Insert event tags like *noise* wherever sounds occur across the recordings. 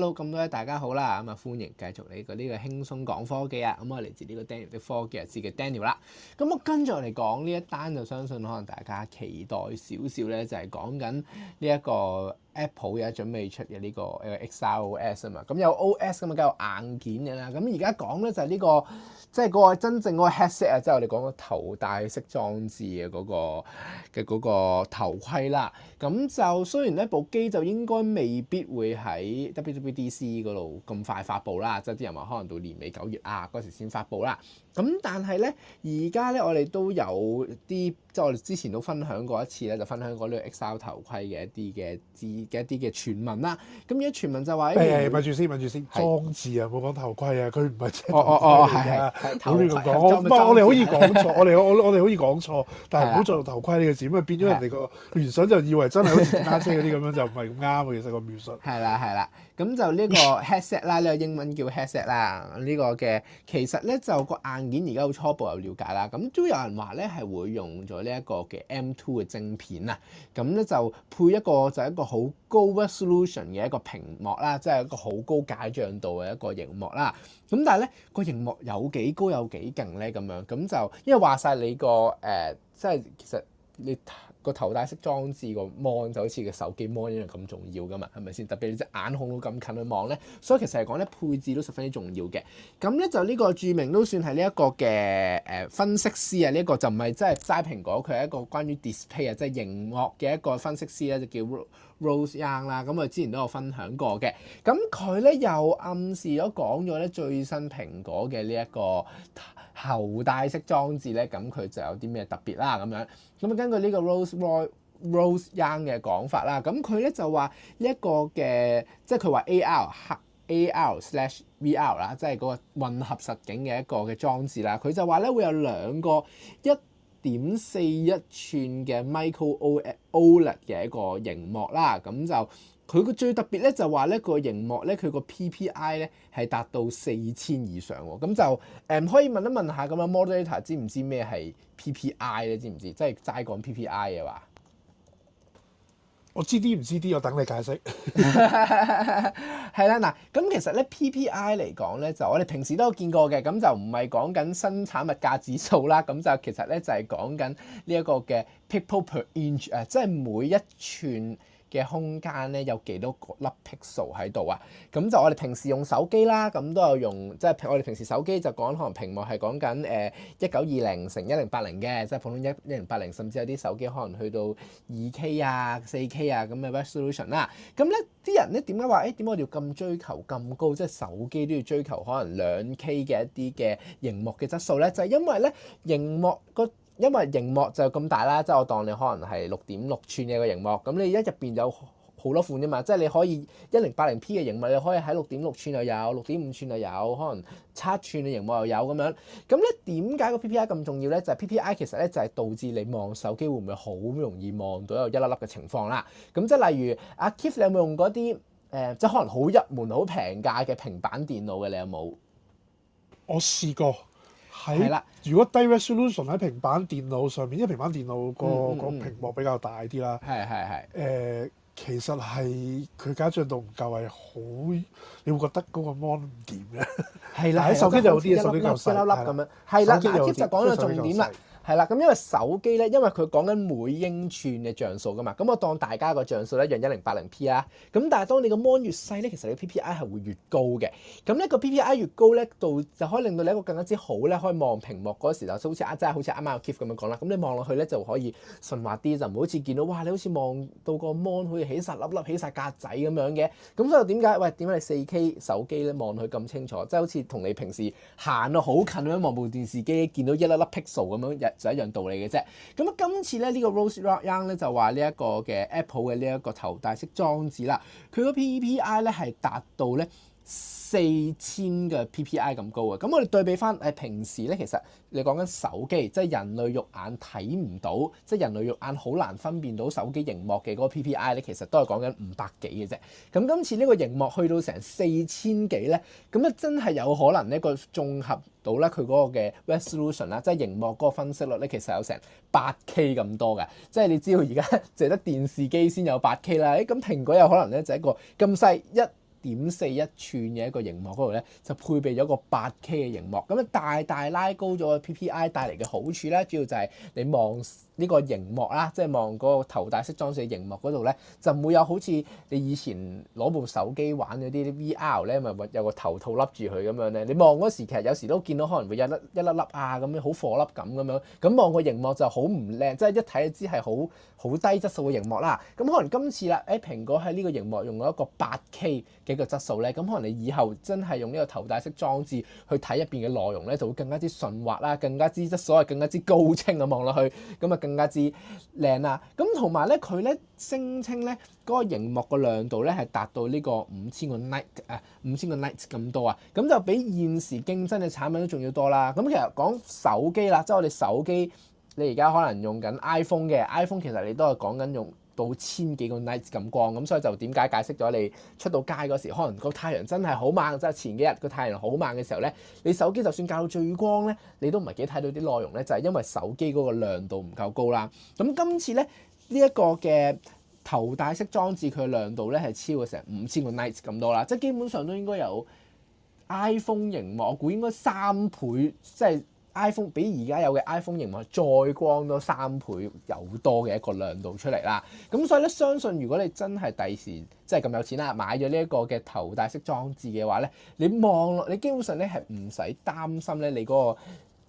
Hello，咁多位大家好啦，咁啊歡迎繼續你、這個呢、這個輕鬆講科技啊，咁我嚟自呢個 Daniel 的科技，啊、日誌嘅 Daniel 啦、啊，咁、嗯、我跟住嚟講呢一單就相信可能大家期待少少咧，就係講緊呢一個。Apple 而家準備出嘅呢、呢個誒 XROS 啊嘛，咁有 OS 咁啊，梗有硬件嘅、啊、啦。咁而家講咧就係呢、呢個，即係嗰個真正嗰個 headset 啊，即係我哋講個頭戴式裝置嘅嗰、嗰個嘅嗰個頭盔啦。咁就雖然呢部機就應該未必會喺 WWDC 嗰度咁快發布啦，即係啲人話可能到年尾九月啊嗰時先發布啦。咁但係咧，而家咧，我哋都有啲，即係我哋之前都分享過一次咧，就分享嗰啲 XR 頭盔嘅一啲嘅字嘅一啲嘅傳聞啦。咁而家傳聞就話誒，咪住先，咪住先，裝置啊，冇講頭盔啊，佢唔係真頭盔嚟㗎。唔好亂咁講，我哋可以講錯，我哋我我哋可以講錯，但係唔好再用頭盔呢個字，咁啊變咗人哋個原想就以為真係好似單車嗰啲咁樣，就唔係咁啱啊。其實個描述係啦，係啦。咁就呢個 headset 啦，呢、這個英文叫 headset 啦，呢、這個嘅其實咧，就個硬件而家好初步有了解啦。咁都有人話咧係會用咗呢一個嘅 M2 嘅晶片啊。咁咧就配一個就係一個好高 resolution 嘅一個屏幕啦，即係一個好高解像度嘅一個屏幕啦。咁但係咧，個屏幕有幾高有幾勁咧？咁樣咁就因為話晒你個誒、呃，即係其實你。個頭戴式裝置個芒就好似個手機芒一樣咁重要噶嘛，係咪先？特別你隻眼孔咁近去望咧，所以其實嚟講咧，配置都十分之重要嘅。咁咧就呢個著名都算係呢一個嘅誒分析師啊，呢一個就唔係真係齋蘋果，佢係一個關於 display 啊，即係熒幕嘅一個分析師咧，就叫 Rose Young 啦。咁我之前都有分享過嘅，咁佢咧又暗示咗講咗咧最新蘋果嘅呢一個。頭戴式裝置咧，咁佢就有啲咩特別啦咁樣。咁啊，根據呢個 Rose Roy Rose Young 嘅講法啦，咁佢咧就話呢一個嘅，即係佢話 AR 黑 AR slash VR 啦，即係嗰個混合實景嘅一個嘅裝置啦。佢就話咧會有兩個一點四一吋嘅 Micro OLED 嘅一個熒幕啦，咁就。佢個最特別咧，就話呢個熒幕咧，佢個 PPI 咧係達到四千以上喎，咁就誒可以問一問下咁啊，moderator 知唔知咩係 PPI 咧？知唔知？即係齋講 PPI 嘅話，我知啲唔知啲，我等你解釋。係 *laughs* 啦， *laughs* *laughs* 嗱，咁其實咧 PPI 嚟講咧，就我哋平時都有見過嘅，咁就唔係講緊生產物價指數啦，咁就其實咧就係講緊呢一個嘅 pixel per inch 誒，即係每一吋。嘅空間咧有幾多粒 pixel 喺度啊？咁就我哋平時用手機啦，咁都有用，即係我哋平時手機就講可能屏幕係講緊誒一九二零乘一零八零嘅，即係普通一一零八零，甚至有啲手機可能去到二 K 啊、四 K 啊咁嘅 resolution 啦。咁咧啲人咧點解話誒點解我哋要咁追求咁高？即係手機都要追求可能兩 K 嘅一啲嘅螢幕嘅質素咧，就係因為咧螢幕因為螢幕就咁大啦，即係我當你可能係六點六寸嘅個螢幕，咁你一入邊有好多款啫嘛，即係你可以一零八零 P 嘅螢幕，你可以喺六點六寸又有，六點五寸又有，可能七寸嘅螢幕又有咁樣。咁咧點解個 PPI 咁重要咧？就係 PPI 其實咧就係導致你望手機會唔會好容易望到有一粒粒嘅情況啦。咁即係例如阿 Keith，你有冇用嗰啲誒，即係可能好入門、好平價嘅平板電腦嘅？你有冇？我試過。係啦，如果低 resolution 喺平板電腦上面，因為平板電腦個、嗯、個屏幕比較大啲啦。係係係。誒、呃，其實係佢解像度唔夠，係好，你會覺得嗰個 mon 唔掂嘅。係啦的，喺 *laughs* 手機就好啲，手機有粒粒粒咁樣。係啦，手機就講到重點啦。係啦，咁因為手機咧，因為佢講緊每英寸嘅像素㗎嘛，咁我當大家個像素咧用一零八零 P 啦，咁但係當你個 mon 越細咧，其實你 PPI 係會越高嘅，咁呢個 PPI 越高咧，到就可以令到你一個更加之好咧，可以望屏幕嗰時候，就好似啊真係好似啱啱阿 Kif 咁樣講啦，咁你望落去咧就可以順滑啲，就唔好似見到哇，你好似望到個 mon 好似起晒粒粒、起晒格仔咁樣嘅，咁所以點解喂，點解你四 K 手機咧望落去咁清楚，即係好似同你平時行到好近咁望部電視機，見到一粒粒 pixel 咁樣就一樣道理嘅啫。咁今次咧呢個 Rose Rock Young 咧就話呢一個嘅 Apple 嘅呢一個頭戴式裝置啦，佢個 PPI 咧係達到咧，四千嘅 PPI 咁高嘅，咁我哋對比翻誒平時咧，其實你講緊手機，即係人類肉眼睇唔到，即係人類肉眼好難分辨到手機熒幕嘅嗰個 PPI 咧，其實都係講緊五百幾嘅啫。咁今次呢個熒幕去到成四千幾咧，咁咧真係有可能呢個綜合到咧佢嗰個嘅 resolution 啦，即係熒幕嗰個分析率咧，其實有成八 K 咁多嘅，即係你知道，而家淨係得電視機先有八 K 啦。誒，咁蘋果有可能咧就一個咁細一點四一寸嘅一個螢幕嗰度咧，就配備咗個八 K 嘅螢幕，咁樣大大拉高咗 PPI 帶嚟嘅好處咧，主要就係你望呢個螢幕啦，即係望嗰個頭戴式裝置嘅螢幕嗰度咧，就唔會有好似你以前攞部手機玩嗰啲 VR 咧，咪有個頭套笠住佢咁樣咧，你望嗰時其實有時都見到可能會有粒一粒一粒，一粒啊，咁樣好顆粒感咁樣，咁望個螢幕就好唔靚，即係一睇就知係好好低質素嘅螢幕啦。咁可能今次啦，誒蘋果喺呢個螢幕用咗一個八 K。呢個質素咧，咁可能你以後真係用呢個頭戴式裝置去睇入邊嘅內容咧，就會更加之順滑啦，更加之所謂，更加之高清咁望落去，咁啊更加之靚啦。咁同埋咧，佢咧聲稱咧，嗰、嗰個熒幕嘅亮度咧係達到呢個五千個 nit 誒五千個 nit 咁多啊，咁就比現時競爭嘅產品都仲要多啦。咁其實講手機啦，即係我哋手機，你而家可能用緊 iPhone 嘅，iPhone 其實你都係講緊用。到千幾個 nits 咁光咁，所以就點解解釋咗你出到街嗰時，可能個太陽真係好猛，即係前幾日個太陽好猛嘅時候呢，你手機就算較到最光呢，你都唔係幾睇到啲內容呢，就係因為手機嗰個亮度唔夠高啦。咁今次呢，呢一個嘅頭戴式裝置，佢亮度呢係超過成五千個 nits 咁多啦，即係基本上都應該有 iPhone 螢幕，我估應該三倍即係。iPhone 比而家有嘅 iPhone 屏幕再光多三倍有多嘅一個亮度出嚟啦，咁所以咧，相信如果你真係第時真係咁有錢啦，買咗呢一個嘅頭戴式裝置嘅話咧，你望落你基本上咧係唔使擔心咧，你嗰個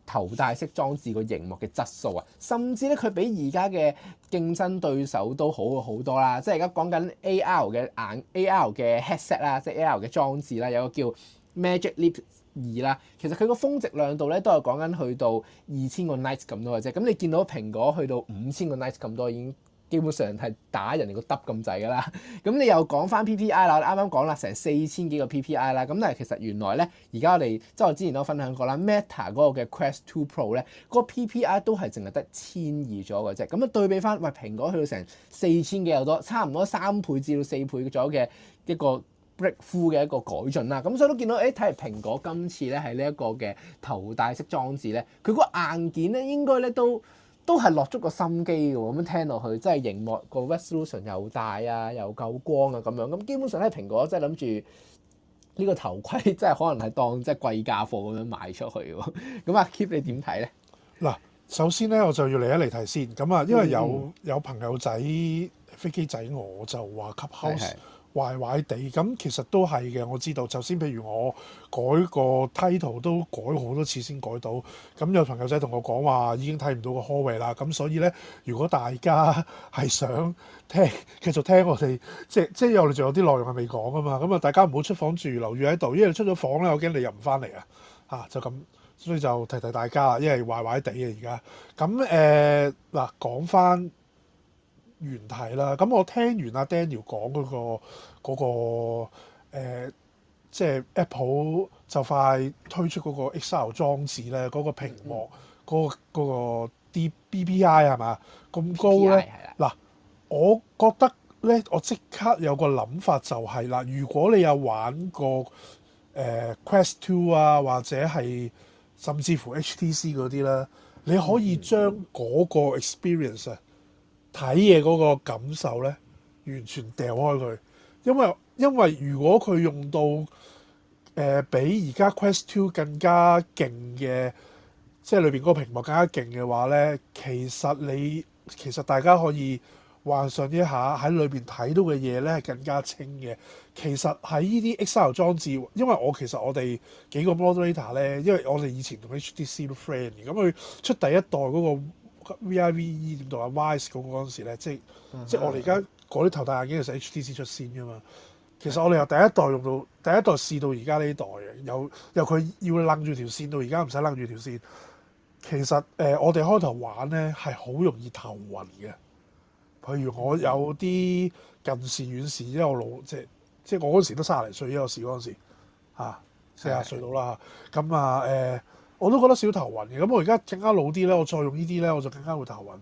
頭戴式裝置個熒幕嘅質素啊，甚至咧，佢比而家嘅競爭對手都好好多啦。即係而家講緊 AR 嘅眼 AR 嘅 headset 啦，即係 AR 嘅裝置啦，有個叫 Magic Leap 二啦，其實佢個峰值亮度咧都係講緊去到二千個 nits 咁多嘅啫。咁你見到蘋果去到五千個 nits 咁多，已經基本上係打人哋個 d 咁滯㗎啦。咁你又講翻 PPI 啦，我哋啱啱講啦成四千幾個 PPI 啦。咁但係其實原來咧，而家我哋即係我之前都分享過啦，Meta 嗰個嘅 Quest 2 Pro 咧，個 PPI 都係淨係得千二左右嘅啫。咁啊對比翻，喂蘋果去到成四千幾有多多，差唔多三倍至到四倍左右嘅一個。Cool 嘅一個改進啦，咁所以都見到，誒睇嚟蘋果今次咧喺呢一個嘅頭戴式裝置咧，佢嗰個硬件咧應該咧都都係落足個心機嘅喎，咁樣聽落去真係熒幕個 resolution 又大啊，又夠光啊咁樣，咁基本上咧蘋果真係諗住呢個頭盔真係可能係當即係貴價貨咁樣賣出去喎，咁啊 Kip 你點睇咧？嗱，首先咧我就要嚟一嚟睇先，咁啊，因為有、嗯、有朋友仔飛機仔我，我就話 Clubhouse。壞壞地咁，其實都係嘅。我知道，就先譬如我改個 title 都改好多次先改到。咁有朋友仔同我講話已經睇唔到個 cover 啦。咁所以呢，如果大家係想聽，繼續聽我哋即係即係我哋仲有啲內容係未講啊嘛。咁啊，大家唔好出房住，留住喺度，因為出咗房呢，我驚你入唔翻嚟啊。嚇就咁，所以就提提大家啊，因為壞壞地啊而家。咁誒嗱，講翻。原體啦，咁我聽完阿 Daniel 講嗰、那個嗰、那個、呃、即係 Apple 就快推出嗰個 x c e l 裝置咧，嗰、那個屏幕嗰嗰、嗯那個那個 D B BI, b I 係嘛咁高咧？嗱，我覺得咧，我即刻有個諗法就係、是、嗱，如果你有玩過誒、呃、Quest Two 啊，或者係甚至乎 HTC 嗰啲咧，你可以將嗰個 experience、嗯。嗯睇嘢嗰個感受咧，完全掉開佢，因為因為如果佢用到誒、呃、比而家 Quest Two 更加勁嘅，即係裏邊嗰個屏幕更加勁嘅話咧，其實你其實大家可以幻想一下喺裏邊睇到嘅嘢咧係更加清嘅。其實喺呢啲 XR 裝置，因為我其實我哋幾個 moderator 咧，因為我哋以前同 HTC friend，咁佢出第一代嗰、那個。VE, VIVE 點讀啊？Wise 嗰個嗰陣時咧，即係、mm hmm. 即係我哋而家嗰啲頭戴眼鏡，係 HTC 出先㗎嘛。其實我哋由第一代用到第一代試到而家呢代嘅，由由佢要擸住條線到而家唔使擸住條線。其實誒、呃，我哋開頭玩咧係好容易頭暈嘅。譬如我有啲近視遠視，因為我老即係即係我嗰時都卅零歲，因為我試嗰陣時四廿、啊、歲到啦嚇。咁啊誒。Mm hmm. 我都覺得少頭暈嘅，咁我而家更加老啲咧，我再用呢啲咧，我就更加會頭暈。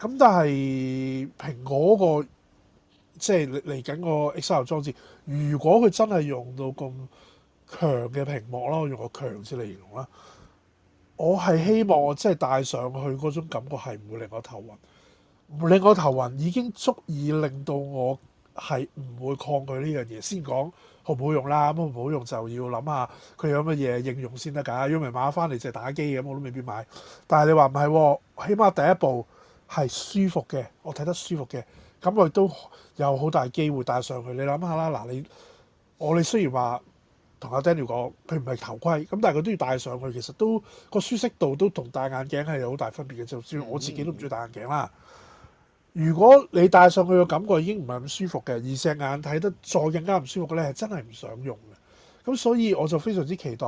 咁但係蘋果個即係嚟緊個 XR 裝置，如果佢真係用到咁強嘅屏幕啦，我用個強字嚟形容啦，我係希望我真係戴上去嗰種感覺係唔會令我頭暈，唔會令我頭暈已經足以令到我。係唔會抗拒呢樣嘢，先講好唔好用啦。咁好唔好用就要諗下佢有乜嘢應用先得㗎。如果唔係買翻嚟淨係打機咁，我都未必買。但係你話唔係，起碼第一步係舒服嘅，我睇得舒服嘅，咁我都有好大機會戴上去。你諗下啦，嗱你我哋雖然話同阿 Daniel 講佢唔係頭盔，咁但係佢都要戴上去，其實都個舒適度都同戴眼鏡係有好大分別嘅。就算、是、我自己都唔中意戴眼鏡啦。如果你戴上去嘅感覺已經唔係咁舒服嘅，而隻眼睇得再更加唔舒服嘅咧，係真係唔想用嘅。咁所以我就非常之期待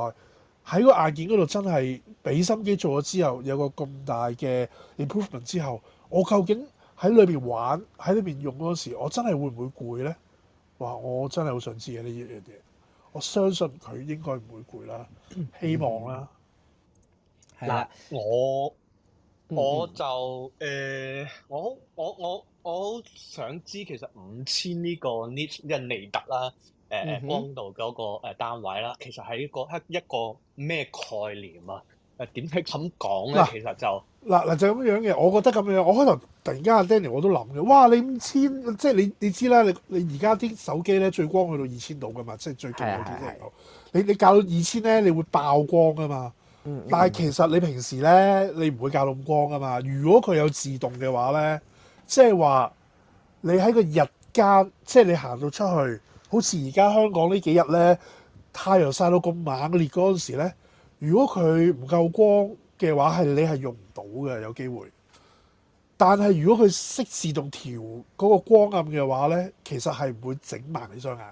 喺個硬件嗰度真係俾心機做咗之後，有個咁大嘅 improvement 之後，我究竟喺裏面玩喺裏面用嗰時，我真係會唔會攰呢？哇！我真係好想知嘅呢樣嘢。我相信佢應該唔會攰啦，希望啦。嗱、嗯，我。我就誒、呃，我我我我好想知其實五千呢個 nit 尼特啦，誒、呃嗯、哼光度嗰個誒單位啦，其實係一個一一個咩概念啊？誒點喺咁講咧？喇其實就嗱嗱就咁、是、樣嘅，我覺得咁樣，我開頭突然間阿 Danny 我都諗嘅，哇！你五千即係你你知啦，你你而家啲手機咧最光去到二千度噶嘛，即係最勁嗰啲即你你校到二千咧，你會爆光噶嘛？嗯嗯、但係其實你平時咧，你唔會較咁光㗎嘛。如果佢有自動嘅話咧，即係話你喺個日間，即係你行到出去，好似而家香港呢幾日咧，太陽曬到咁猛烈嗰陣時咧，如果佢唔夠光嘅話，係你係用唔到嘅，有機會。但係如果佢識自動調嗰個光暗嘅話咧，其實係唔會整盲你雙眼。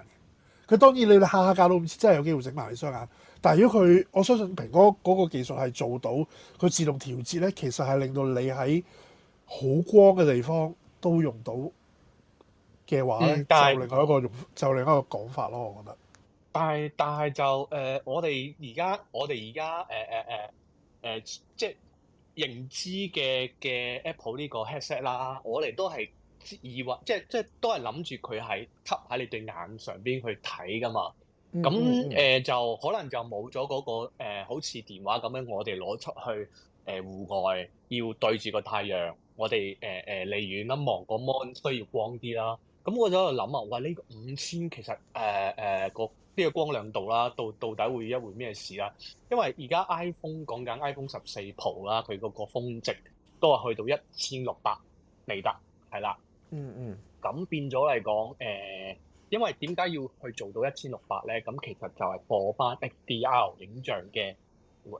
咁當然你哋下下教都唔知，真係有機會整埋你雙眼。但係如果佢，我相信蘋果嗰個技術係做到佢自動調節咧，其實係令到你喺好光嘅地方都用到嘅話咧、嗯，就另外一個用，就另一個講法咯。我覺得。但係但係就誒、呃，我哋而家我哋而家誒誒誒誒，即係認知嘅嘅 Apple 呢個 headset 啦，我哋都係。疑惑即係即係都係諗住佢係吸喺你對眼上邊去睇㗎嘛。咁誒、mm hmm. 呃、就可能就冇咗嗰個、呃、好似電話咁樣，我哋攞出去誒戶、呃、外要對住個太陽，我哋誒誒離遠一望、個 mon 需要光啲啦。咁我喺度諗啊，哇、呃！呢、呢個五千其實誒誒個呢個光亮度啦，到到底會一會咩事啦、啊？因為而家 iPhone 講緊 iPhone 十四 Pro 啦，佢嗰個峰值都係去到一千六百尼特係啦。嗯嗯，咁變咗嚟講，誒、呃，因為點解要去做到一千六百咧？咁其實就係播翻 XDR 影像嘅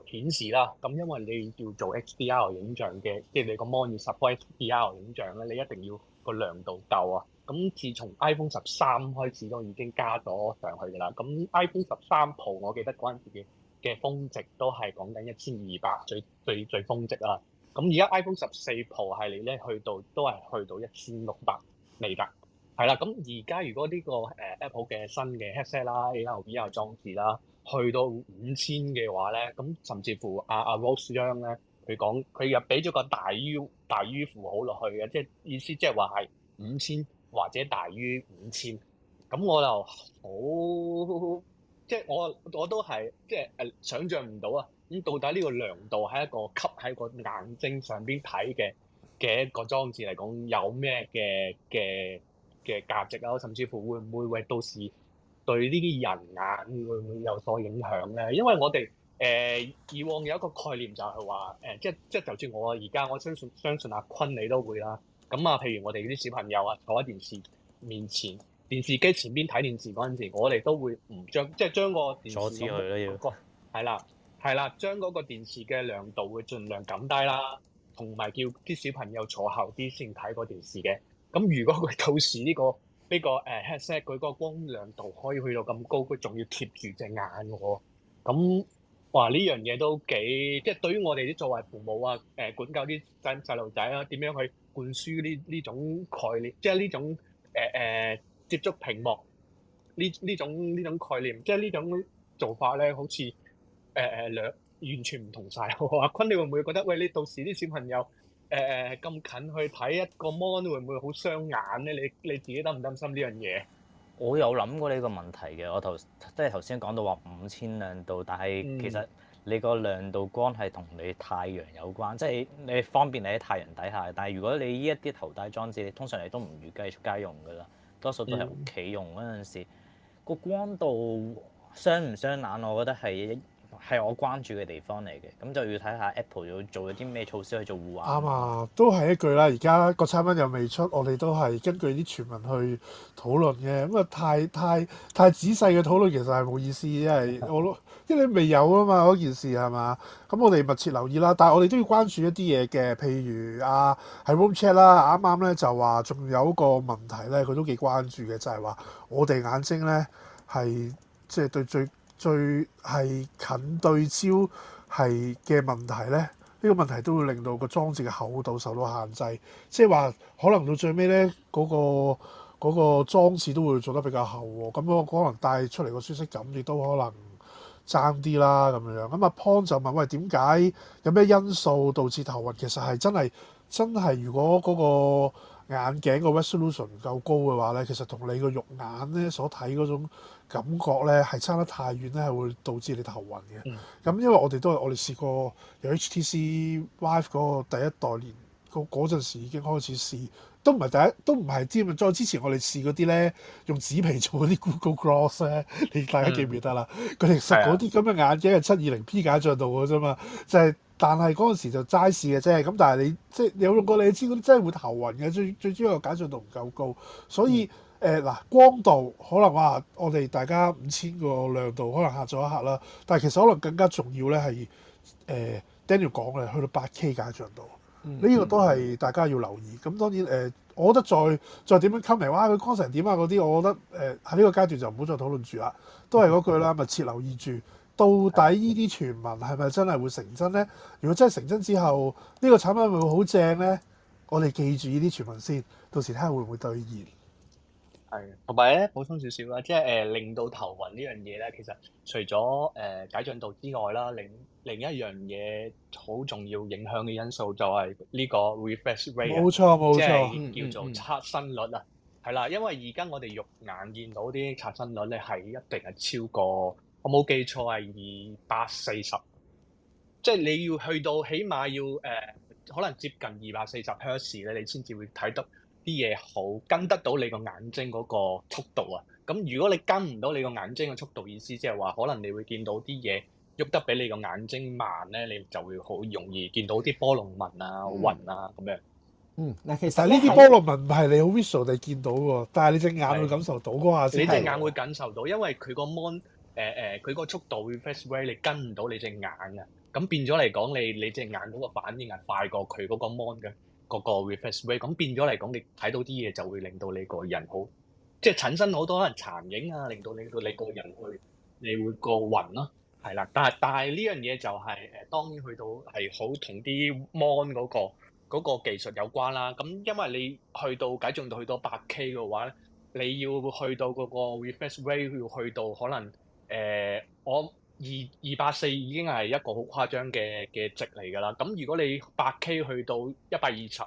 顯示啦。咁因為你要做 XDR 影像嘅，即係你個 mon 要 support XDR 影像咧，你一定要個亮度夠啊。咁自從 iPhone 十三開始都已經加咗上去㗎啦。咁 iPhone 十三 Pro，我記得嗰陣時嘅峰值都係講緊一千二百最最最峰值啊。咁而家 iPhone 十四 Pro 系列咧，去到都係去到一千六百嚟㗎，係啦。咁而家如果呢個誒 Apple 嘅新嘅 Headset 啦、XR 裝置啦，去到五千嘅話咧，咁甚至乎阿阿 Ross 張咧，佢講佢又俾咗個大於大於符號落去嘅，即係意思即係話係五千或者大於五千。咁我就好，即係我我都係即係誒想象唔到啊！咁到底呢個亮度喺一個吸喺個眼睛上邊睇嘅嘅一個裝置嚟講有，有咩嘅嘅嘅價值啊？甚至乎會唔會為到時對呢啲人眼、啊、會唔會有所影響咧？因為我哋誒、呃、以往有一個概念就係話誒，即即係就算我而家我相信相信阿坤你都會啦。咁啊，譬如我哋啲小朋友啊，坐喺電視面前、電視機前邊睇電視嗰陣時，我哋都會唔將即係將個電視阻住佢啦。係啦，將嗰個電視嘅亮度會盡量減低啦，同埋叫啲小朋友坐後啲先睇嗰電視嘅。咁如果佢到時呢、呢個呢、呢個誒 headset 佢嗰個光亮度可以去到咁高，佢仲要貼住隻眼喎、喔。咁話呢樣嘢都幾即係對於我哋啲作為父母啊，誒、呃、管教啲細細路仔啦，點樣去灌輸呢呢種概念？即係呢種誒誒、呃、接觸屏幕呢呢種呢種概念，即係呢種做法咧，好似～誒誒兩完全唔同晒。 *laughs* 阿坤，你會唔會覺得喂？你到時啲小朋友誒誒咁近去睇一個 mon 會唔會好傷眼咧？你你自己擔唔擔心呢樣嘢？我有諗過呢個問題嘅，我頭即係頭先講到話五千亮度，但係其實你個亮度光係同你太陽有關，嗯、即係你方便你喺太陽底下。但係如果你呢一啲頭戴裝置，通常你都唔預計出街用噶啦，多數都係屋企用嗰陣時，個光度傷唔傷眼？我覺得係係我關注嘅地方嚟嘅，咁就要睇下 Apple 要做咗啲咩措施去做護眼。啱啊，都係一句啦。而家個產品又未出，我哋都係根據啲傳聞去討論嘅。咁啊，太太太仔細嘅討論其實係冇意思，因為我咯，因為未有啊嘛嗰件事係嘛。咁我哋密切留意啦。但係我哋都要關注一啲嘢嘅，譬如啊，係 Room Chat 啦，啱啱咧就話仲有個問題咧，佢都幾關注嘅，就係話我哋眼睛咧係即係對最。最係近對焦係嘅問題呢，呢個問題都會令到個裝置嘅厚度受到限制，即係話可能到最尾呢，嗰個嗰個裝置都會做得比較厚喎。咁樣可能帶出嚟個舒適感，亦都可能爭啲啦咁樣。咁阿 Pon 就問：喂，點解有咩因素導致頭暈？其實係真係真係，如果嗰個。眼鏡個 resolution 唔夠高嘅話咧，其實同你個肉眼咧所睇嗰種感覺咧，係差得太遠咧，係會導致你頭暈嘅。咁、嗯、因為我哋都係我哋試過由 HTC Vive 嗰個第一代年嗰嗰陣時已經開始試，都唔係第一，都唔係之前再之前我哋試嗰啲咧，用紙皮做嗰啲 Google Cross 咧，你大家記唔記得啦？佢哋、嗯、實嗰啲咁嘅眼鏡係七二零 P 解像度嘅啫嘛，即、就、係、是。但係嗰陣時就齋試嘅啫，咁但係你即你有用過你，你知嗰啲真係會頭暈嘅，最最主要個解像度唔夠高，所以誒嗱、嗯呃、光度可能話，我哋大家五千個亮度可能嚇咗一嚇啦，但係其實可能更加重要咧係誒 Daniel 講嘅，去到八 K 解像度，呢、嗯、個都係大家要留意。咁、嗯、當然誒、呃，我覺得再再點樣 comment 哇佢光成點啊嗰啲，我覺得誒喺呢個階段就唔好再討論住啦，都係嗰句啦、嗯嗯，密切留意住。到底呢啲傳聞係咪真係會成真咧？如果真係成真之後，呢個產品會唔會好正咧？我哋記住呢啲傳聞先，到時睇下會唔會兌現。係，同埋咧，補充少少啦，即係誒令到頭暈呢樣嘢咧。其實除咗誒、呃、解像度之外啦，另另一樣嘢好重要影響嘅因素就係呢個 refresh rate。冇錯，冇錯，叫做刷新率啊。係、嗯嗯、啦，因為而家我哋肉眼見到啲刷新率咧係一定係超過。我冇記錯係二百四十，40, 即係你要去到起碼要誒、呃，可能接近二百四十 hertz 咧，你先至會睇得啲嘢好跟得到你個眼睛嗰個速度啊。咁如果你跟唔到你個眼睛嘅速度，意思即係話，可能你會見到啲嘢喐得比你個眼睛慢咧，你就會好容易見到啲波浪紋啊、暈啊咁樣。嗯，嗱、啊，其實呢啲波浪紋唔係你好 visual 地見到嘅，但係你隻眼會感受到嗰下先係。你隻眼會感受到，嗯、因為佢個 mon。誒誒，佢、呃、個速度 refresh rate 你跟唔到你隻眼啊，咁變咗嚟講，你你隻眼嗰個反應係快過佢嗰個 mon 嘅嗰個 refresh rate，咁變咗嚟講，你睇到啲嘢就會令到你個人好，即係產生好多可能殘影啊，令到令到你個人去你會過暈咯，係啦，但係但係呢樣嘢就係、是、誒，當然去到係好同啲 mon 嗰個技術有關啦，咁因為你去到解像度到去到八 k 嘅話咧，你要去到嗰個 refresh rate 要去到可能。誒，uh，我二二八四已經係一個好誇張嘅嘅值嚟㗎啦。咁如果你八 K 去到一百二十，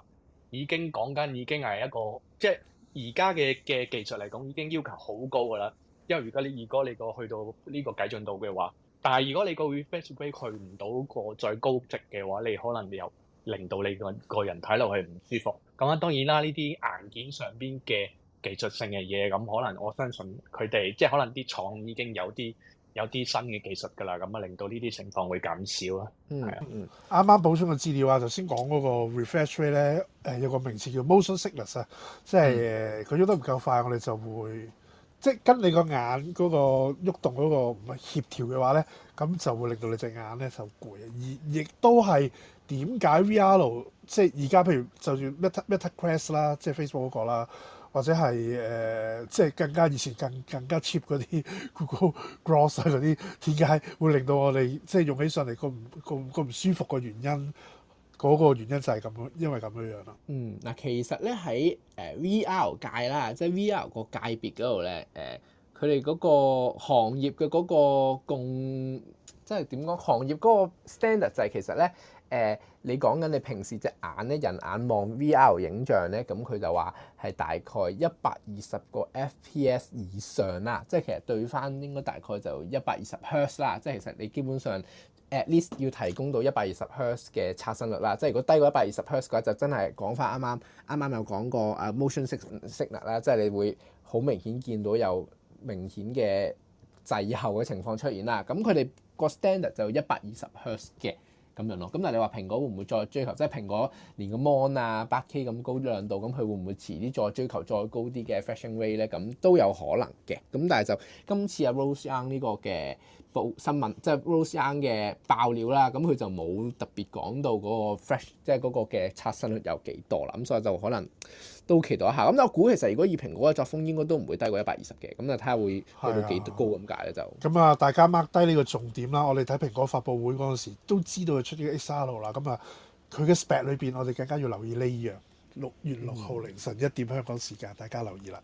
已經講緊已經係一個，即係而家嘅嘅技術嚟講已經要求好高㗎啦。因為如果你二哥你個去到呢個計進度嘅話，但係如果你個 refresh rate 去唔到個最高值嘅話，你可能你又令到你個個人睇落去唔舒服。咁啊，當然啦，呢啲硬件上邊嘅。技術性嘅嘢咁，可能我相信佢哋即係可能啲廠已經有啲有啲新嘅技術噶啦，咁啊令到呢啲情況會減少啊。嗯，啱啱的補充個資料啊，頭先講嗰個 refresh rate 咧、呃。誒有個名詞叫 motion sickness 啊，即係佢喐得唔夠快，我哋就會即係跟你個眼嗰個喐動嗰個唔係協調嘅話咧，咁就會令到你隻眼咧就攰啊。而亦都係點解 V R 即係而家譬如就算 Meta Meta Quest 啦，即係 Facebook 嗰個啦。或者係誒、呃，即係更加以前更更加 cheap 嗰啲 Google Glass 啊嗰啲，點解會令到我哋即係用起上嚟咁唔咁唔舒服嘅原因，嗰、嗰個原因就係咁樣，因為咁樣樣啦。嗯，嗱、啊，其實咧喺誒 VR 界啦，即係 VR 個界別嗰度咧，誒佢哋嗰個行業嘅嗰個共，即係點講？行業嗰個 standard 就係其實咧。誒、嗯，你講緊你平時隻眼咧，人眼望 VR 影像咧，咁佢就話係大概一百二十個 FPS 以上啦，即係其實對翻應該大概就一百二十赫茲啦，即係其實你基本上 at least 要提供到一百二十赫茲嘅刷新率啦，即係如果低過一百二十赫茲嘅話，就真係講翻啱啱啱啱有講過誒、uh, motion signal 啦，即係你會好明顯見到有明顯嘅滯後嘅情況出現啦。咁佢哋個 standard 就一百二十赫茲嘅。咁樣咯，咁但係你話蘋果會唔會再追求，即係蘋果連個 Mon 啊、八 K 咁高亮度，咁佢會唔會遲啲再追求再高啲嘅 freshing rate 咧？咁都有可能嘅，咁但係就今次啊 Rose Young 呢個嘅報新聞，即係 Rose Young 嘅爆料啦，咁佢就冇特別講到嗰個 fresh，即係嗰個嘅刷新率有幾多啦，咁所以就可能。都期待一下，咁我估其實如果以蘋果嘅作風，應該都唔會低過一百二十嘅，咁就睇下會去到幾高咁解咧就。咁啊，大家 mark 低呢個重點啦，我哋睇蘋果發布會嗰陣時都知道佢出咗 S 三零啦，咁啊佢嘅 spec 裏邊，我哋更加要留意呢樣。六月六號凌晨一點香港時間，大家留意啦。